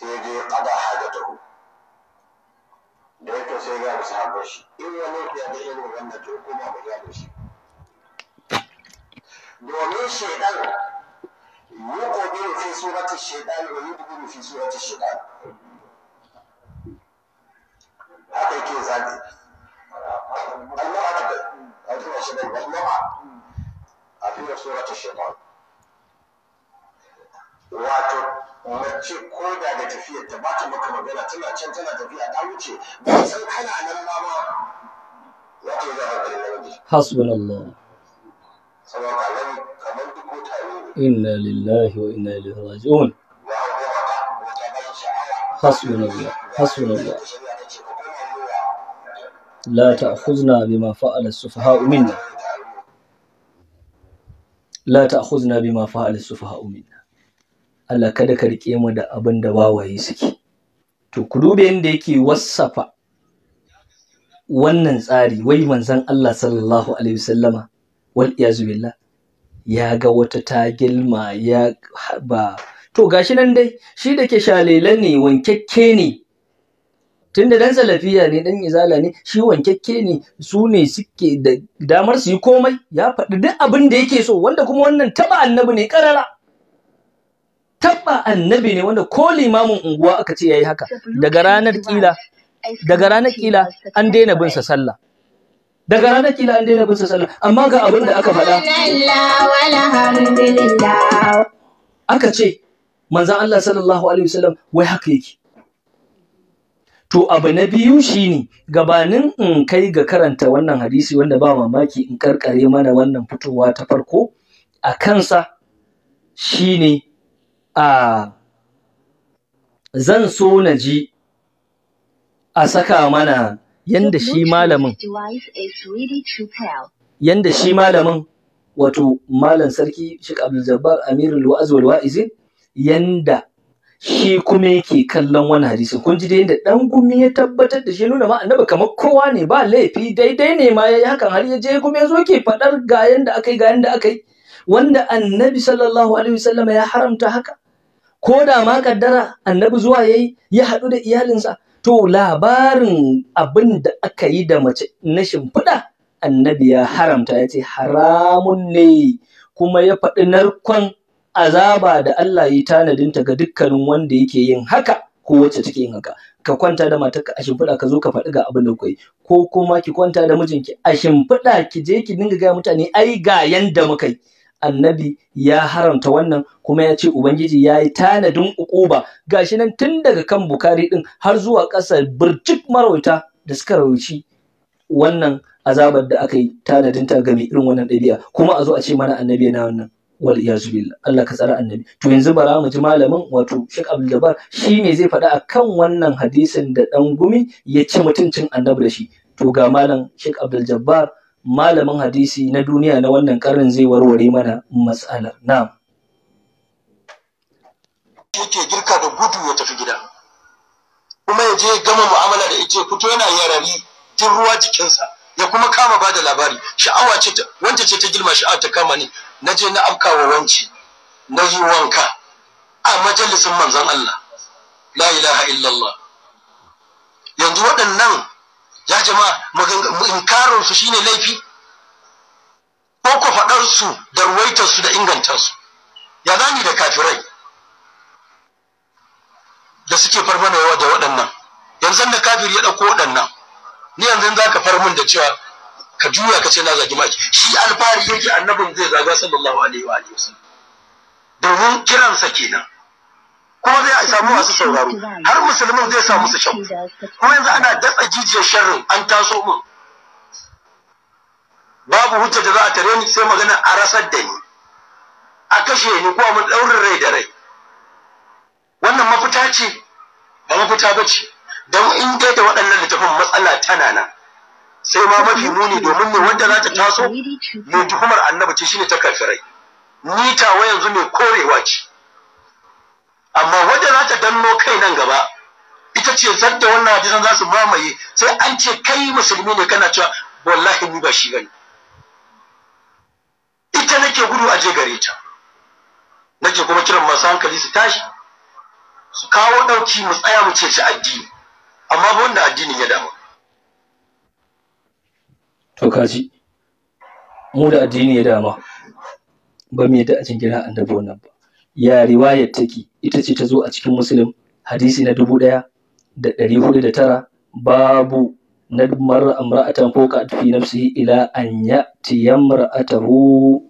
sai je kada hajatahu da yake sai ga su haɓar shi in wani ya ga irin wannan to kuma ba ya shi domin shaidan yuqbilu fi surati shaidan wa yudbiru fi surati shaidan haka yake zaɓi Allah ta da Allah ba da ba. a fi surati shaidan wato ya ce ko da da tafiyar ta ba ta maka magana tana can tana tafiya ta wuce ba san kana nan ma ba ya ce za a kai namiji hasbunallah saboda nan kamar duk wata ne inna lillahi wa inna ilaihi raji'un hasbunallah hasbunallah لا تأخذنا بما فعل السفهاء منا لا تأخذنا بما فعل السفهاء منا Allah kada ka rike mu da abin da wawaye suke to ku dube inda yake wassafa wannan tsari wai manzon Allah sallallahu alaihi wasallama wal iyazu billah ya ga wata ta gilma ya ba to gashi nan dai shi da ke shalelan ne wankekke ne tunda dan salafiya ne dan izala ne shi wankekke ne su ne suke da damar su yi komai ya faɗi duk abin da yake so wanda kuma wannan taba annabi ne karara tabba annabi ne wanda ko limamin unguwa aka ce yayi haka daga ranar kila daga ranar kila an daina bin sa sallah daga ranar kila an daina bin sa sallah amma ga abin da aka faɗa aka ce manzon Allah sallallahu alaihi wasallam wai haka yake To abu na biyu shine gabanin in kai ga karanta wannan hadisi wanda ba mamaki in karkare mana wannan fitowa ta farko a kansa shine zan so na ji a saka mana yanda shi malamin yanda shi malamin wato malam sarki Sheikh Abdul Jabbar Amirul Wa'iz wal Wa'izin yanda shi kuma yake kallon wani hadisi kun ji dai da dan gumi ya tabbatar da shi nuna ma annabi kamar kowa ne ba laifi daidai ne ma yayi hakan har ya je kuma yazo zo ke fadar ga yanda akai ga yanda akai wanda annabi sallallahu alaihi wasallam ya haramta haka ko da ma kaddara annabi zuwa yayi ya haɗu da iyalinsa to labarin abin da aka yi da mace na shimfiɗa annabi ya haramta ya ce haramun ne kuma ya faɗi narkon azaba da Allah ya tanadinta ga dukkanin wanda yake yin haka ko wacce take yin haka ka kwanta da matarka a shimfiɗa ka zo ka faɗi ga abin da kuka ko kuma ki kwanta da mijinki a shimfiɗa ki je ki dinga gaya mutane ai ga yanda muka yi annabi ya haramta wannan kuma ya ce ubangiji ya yi tanadin ukuba gashi nan tun daga kan bukari ɗin, har zuwa ƙasar birjik marauta da suka rauci wannan azabar da aka yi tanadin ta game irin wannan ɗabi'a kuma a zo a ce mana annabi na wannan wal billah Allah ka tsara annabi to yanzu bara mu ji malamin wato Sheikh Abdul shi ne zai faɗa akan wannan hadisin da dan gumi ya ci mutuncin annabi da shi to ga malam Sheikh Abdul Jabbar malamin hadisi na duniya na wannan karin zai warware mana matsalar na'am yake girka da gudu ya tafi gida kuma ya je ya gama mu'amala da ita fito yana yarari tun ruwa jikinsa ya kuma kama ba da labari sha'awa ce wanda ce ta girma sha'awa ta kama ni na je na afkawa wanci na yi wanka a majalisin manzon Allah la ilaha illallah yanzu waɗannan ya jama'a inkarin su shine laifi ko ku faɗarsu da ruwaitarsu da ingantarsu? su ya zani da kafirai da suke farmanawa da waɗannan yanzu da kafiri ya ɗauko waɗannan ni yanzu za ka farmin da cewa ka juya ka ce na zagi maki shi alfahari yake annabin zai zaga sallallahu alaihi wa alihi domin kiransa kenan kuma zai a samu masu sauraro har musulmin zai samu su shan kuma yanzu ana datsa jijiyar sharrin an taso min babu hujja da za a tare ni sai magana a rasar da ni a kashe ni ko mun daurin rai da rai wannan mafita ce ba mafita ba ce don in dai da waɗannan littafin matsala tana nan sai ma mafi muni domin ne wanda za ta taso mai tuhumar annabi ce shine ta kafirai ni tawa yanzu mai korewa ce amma wadda za ta danno kai nan gaba ita ce zadda wannan hadisan za su mamaye sai an ce kai musulmi ne kana cewa wallahi ni ba shi ne. ita nake gudu a je gare ta nake kuma kiran masu hankali su tashi su kawo ɗauki mu tsaya mu ce ci addini amma ba wanda addinin ya damu to kaji mu da addini ya dama ba mu yadda a cikin gina annabi wannan ba ya riwayar take ita ce ta zo a cikin muslim hadisi na dubu ɗaya da ɗari hudu da tara babu na mara amra'atan foka fi nafsi ila an ya tiyamra'atahu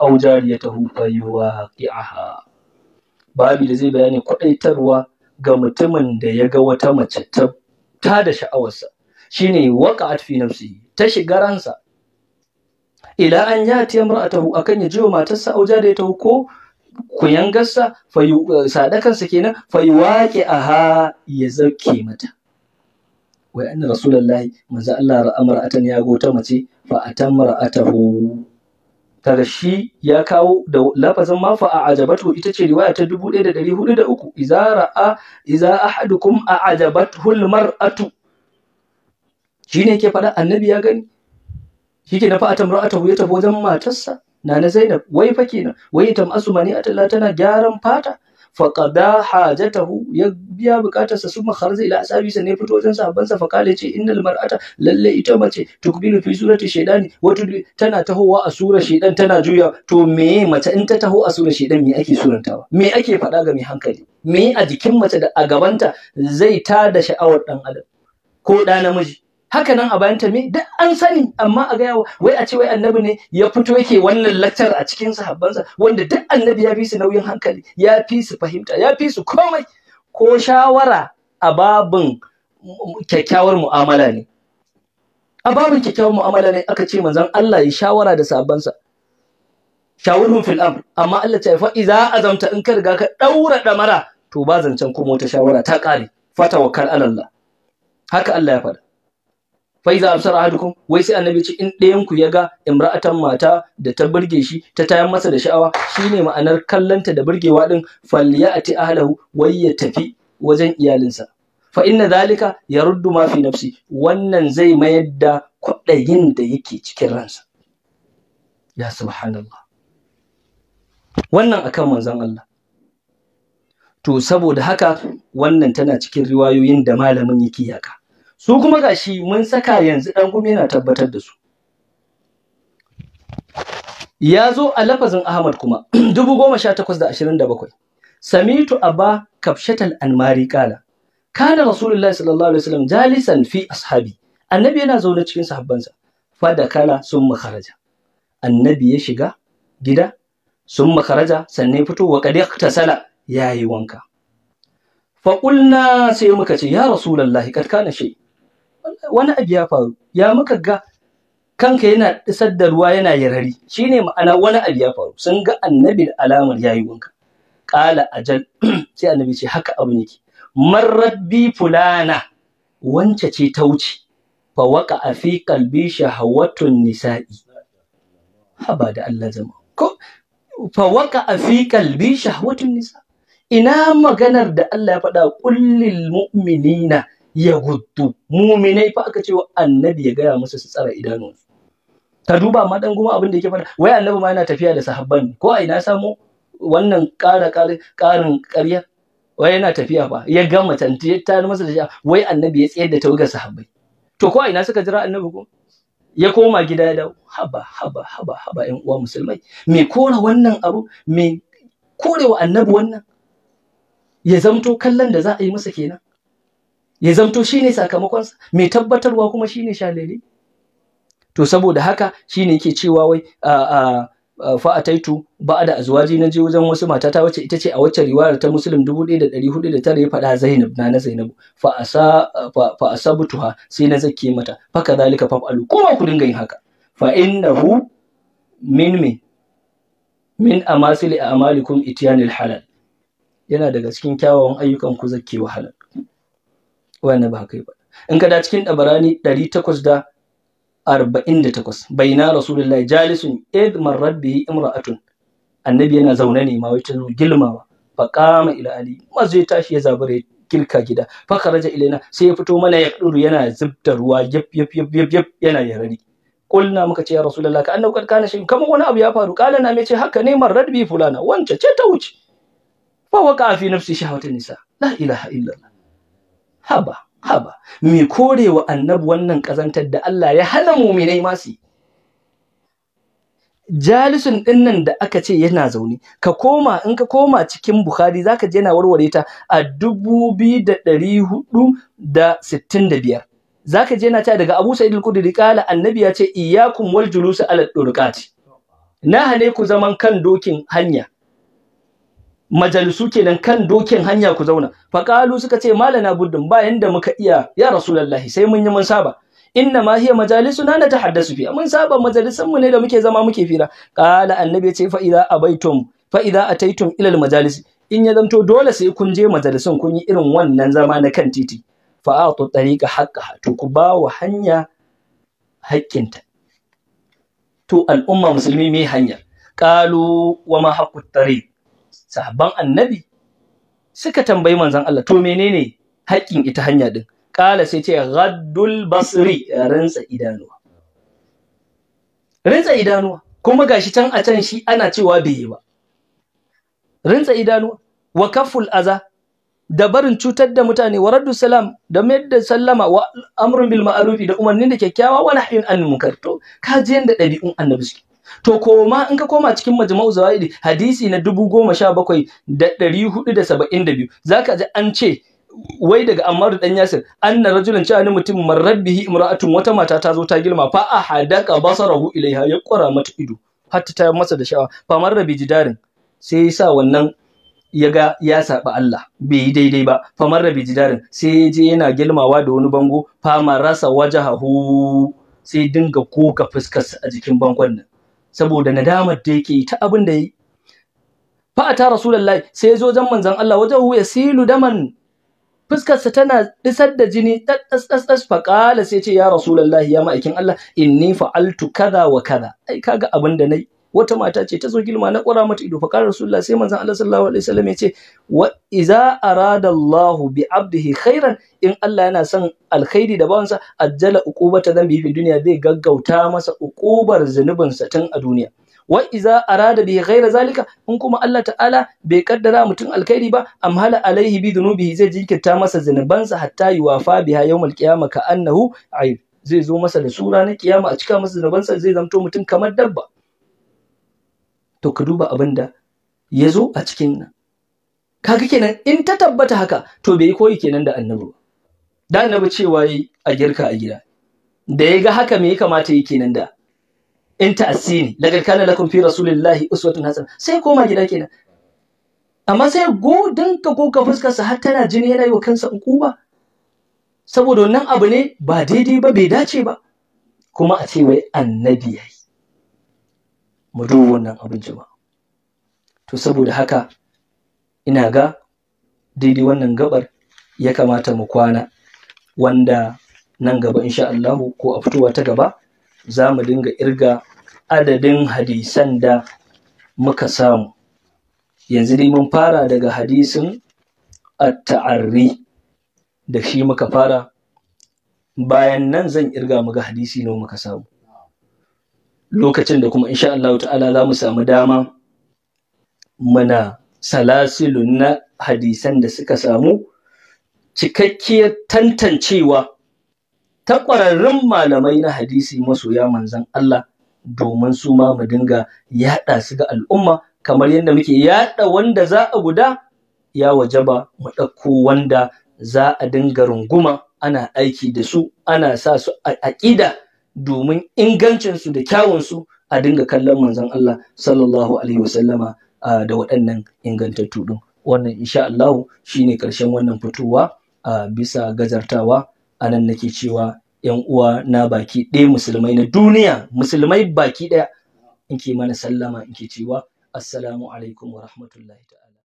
aw jariyatahu fayuwaqi'aha babu da zai bayani kudaitarwa ga mutumin da ya ga wata mace ta ta da sha'awarsa shine waqa'at fi nafsi ta shiga ransa ila an ya tiyamra'atahu akan ya jiwa matarsa aw jariyatahu ko kuyangarsa sadakansa kenan a aha ya zauke mata wai anna rasulullahi manzo Allah ra'amar atan ya gota mace fa atan atahu kaga shi ya kawo da lafazin ma fa a'jabatu ita ce riwaya ta 1403 iza ra'a iza ahadukum a'jabathu almar'atu shine yake faɗa annabi ya gani shike na fa atan atahu ya tafi wajen matarsa nana zainab wai fa kenan wai tamasu mani atala tana gyaran fata qada hajatahu ya biya bukatarsa su kharza ila sa ne fito wajen sa fa kale ce innal mar'ata lalle ita mace tukbilu fi surati shaydani wato tana tahowa a sura shaydan tana juya to me mace in ta taho a sura shaydan me ake surantawa me ake faɗa ga mai hankali me a jikin mace da a gabanta zai tada sha'awar dan adam ko da namiji haka nan a bayan ta me duk an sani amma a gaya wai a ce wai annabi ne ya fito yake wannan lakcar a cikin sahabbansa wanda duk annabi ya fi su nauyin hankali ya fi su fahimta ya fi su komai ko shawara a babin kyakkyawar mu'amala ne a babin kyakkyawar mu'amala ne aka ce manzon Allah ya shawara da sahabbansa shawurhum fil amr amma Allah ta fa idza azamta in ka riga ka daura damara to ba zancen kuma wata shawara ta kare fata Allah haka Allah ya faɗa faiza absar ahadukum wai sai annabi ce in ɗayan ku ya ga imra'atan mata da ta burge shi ta tayar masa da sha'awa shine ma'anar kallanta da burgewa din falyati ahlahu wai ya tafi wajen iyalinsa fa inna zalika yaruddu ma fi nafsi wannan zai mayar da kwaɗayin da yake cikin ransa ya subhanallah wannan akan manzon Allah to saboda haka wannan tana cikin riwayoyin da malamin yake yaka su kuma gashi mun saka yanzu dan gumi yana tabbatar da su ya zo a lafazin Ahmad kuma dubu goma sha da ashirin da samitu abba kafshatal anmari kala kana rasulullahi sallallahu alaihi wasallam jalisan fi ashabi annabi yana zaune cikin sahabbansa fada kala sun makaraja annabi ya shiga gida sun makaraja sannan ya fito wa kadi tasala yayi wanka fa sai muka ce ya rasulullahi kad kana shi wani abu ya faru ya muka ga kanka yana isar da ruwa yana yarari shine ma'ana wani abu ya faru sun ga annabi da alamar yayi wanka qala ajal sai annabi ce haka abu ke. Marar rabbi fulana wance ce ta wuce fa waka a fi kalbi shahawatun nisa'i haba da Allah zama ko fa waka a fi kalbi shahawatun nisa ina maganar da Allah ya faɗa kullil mu'minina ya gudu. muminai fa aka ce wa annabi ya gaya musu su tsara idanu? ka duba ma dan goma abin da yake faɗa wai annabi ma yana tafiya da sahabban ko a ina samu wannan ƙara ƙarin ƙarya wai yana tafiya ba ya gama tanti ta masa da wai annabi ya tsayar da tawagar sahabbai to ko a ina suka jira annabi ko ya koma gida da dawo haba haba haba haba ƴan uwa musulmai me kore wannan abu me korewa annabi wannan ya zamto kallon da za a yi masa kenan ya zamto sakamakon sakamakonsa mai tabbatarwa kuma shi shine shalele to saboda haka shi ne yake cewa wai a ba a da azuwaji na je wajen wasu ta wacce ita ce a wacce riwayar ta Muslim 1409 ya faɗa Zainab na na Zainab fa a fa sai na zake mata fa zalika fa alu kuma ku dinga yin haka fa innahu min min min amasili a'malikum itiyanil halal yana daga cikin kyawawan ayyukan ku zakewa halal wani ba kai ba in ka da cikin dabarani 848 baina rasulullahi jalisun id marrat bihi imra'atun annabi yana zaune ne ma wata zo gilmawa fa qama ila ali mazai tashi ya zabare girka gida fa kharaja ilaina sai ya fito mana ya duru yana zubta ruwa yaf yaf yaf yaf yana yarari kulna muka ce ya rasulullahi ka annabi kana shi kamar wani abu ya faru kala na me ce haka ne man bi fulana wance ce ta wuce fa waka fi nafsi shahwatun nisa la ilaha illallah haba haba me korewa annabi wannan kazantar da Allah ya hana muminai masu jalisun dinnan da aka ce yana zaune ka koma in ka koma cikin bukhari zaka je yana warware ta a 2465 zaka je yana ta daga abu sa'id al-khudri kala annabi ya ce iyyakum wal julus ala turqati na hane ku zaman kan dokin hanya majalisu kenan kan dokin hanya ku zauna qalu suka ce malana buddin ba yanda muka iya ya rasulullahi sai mun yi mun saba inna ma hiya majalisuna natahaddasu fi mun saba majalisan mu ne da muke zama muke fira qala annabi ya ce fa idza abaitum fa idza ataitum ila al majalis in ya zanto dole sai kun je majalisan kun yi irin wannan zama na kan titi fa atu tariqa haqqaha to ku ba wa hanya haƙƙinta to al'umma musulmi mai hanya qalu wa ma haqqut tariq sahabban annabi suka tambayi manzon Allah to menene haƙƙin ita hanya din kala sai ce raddul basri rantsa idanuwa rantsa idanuwa kuma gashi can a can shi ana cewa bai yi ba rintsa idanu wa kaful aza da barin cutar da mutane wa raddu salam da mayar da sallama wa amrun bil ma'ruf da umarnin da kyakkyawa wa nahyin an munkar to ka ji yanda dabi'un annabi suke to koma in ka koma cikin majma'u zawaidi hadisi na dubu goma sha bakwai da ɗari hudu da saba'in da biyu zaka ji an ce wai daga Ammaru dan Yasir anna rajulan cewa mutum marrabbihi imra'atun wata mata ta zo ta girma fa a hadaka basarahu ilaiha ya kwara mata ido har ta masa da sha'awa fa marrabi jidarin sai ya sa wannan ya ga ya saba Allah bai yi daidai ba fa marrabi jidarin sai ya je yana girmawa da wani bango fa marasa wajahu sai dinga koka fuskarsa a jikin bangon nan saboda nadamar da yake ta abin da yi fa ata rasulullahi sai yazo zan manzon Allah wajahu yasilu daman fuskarsa tana disar da jini ɗasɗasɗas kala sai ya ce ya rasulullahi ya ma'aikin Allah inni fa'altu kaza wa kaza ai kaga abin da nayi wata mata ce ta zo gilma na ƙura mata ido fa qala rasulullah sai manzon Allah sallallahu alaihi wasallam ya ce wa idza arada Allah bi abdihi khairan in Allah yana son alkhairi da bawansa ajjala uqubata dhanbi fi dunya zai gaggauta masa uqubar sa tun a duniya wa iza arada bi ghaira zalika in kuma Allah ta'ala bai kaddara mutum alkhairi ba amhala alaihi bi dhunubihi zai jinkirta masa sa hatta yuwafa biha yawmal qiyamah ka annahu ayy zai zo masa da sura na kiyama a cika masa sa zai zamto mutum kamar dabba to ka duba abin da ya zo a cikin nan kaga kenan in ta tabbata haka to bai koyi kenan da annabi ba da annabi cewa yi a girka a gida da ya ga haka me ya kamata yi kenan da in ta'asini laqad kana lakum fi rasulillahi uswatun hasana sai koma gida kenan amma sai godin ka ko ka fuskar sa har tana jini yana yi wa kansa ukuba saboda wannan abu ne ba daidai ba bai dace ba kuma a ce wai annabi yayi mu duba wannan abinci ba to saboda haka ina ga daidai wannan gabar ya kamata mu kwana wanda nan gaba insha Allahu ko a fitowa ta gaba za mu dinga irga adadin hadisan da muka samu yanzu dai mun fara daga hadisin at-ta'arri da shi muka fara bayan nan zan irga ga hadisi nawa muka samu lokacin da kuma insha Allah ta'ala za mu samu dama muna salasilu na hadisan da suka samu cikakkiyar tantancewa ta ƙwararrun malamai na hadisi masoya manzan Allah domin su ma mu dinga yaɗa su ga al'umma kamar yadda muke yaɗa wanda za a guda ya wajaba mu ɗauko wanda za a dinga runguma ana aiki da su ana sa su a aƙida domin ingancinsu da kyawunsu a dinga kallon manzon Allah sallallahu alaihi wasallama da waɗannan ingantattu ɗin wannan insha Allah shine ƙarshen wannan fitowa a bisa gazartawa anan nake cewa yan uwa na baki ɗaya musulmai na duniya musulmai baki ɗaya in ke mana sallama in cewa assalamu alaikum wa rahmatullahi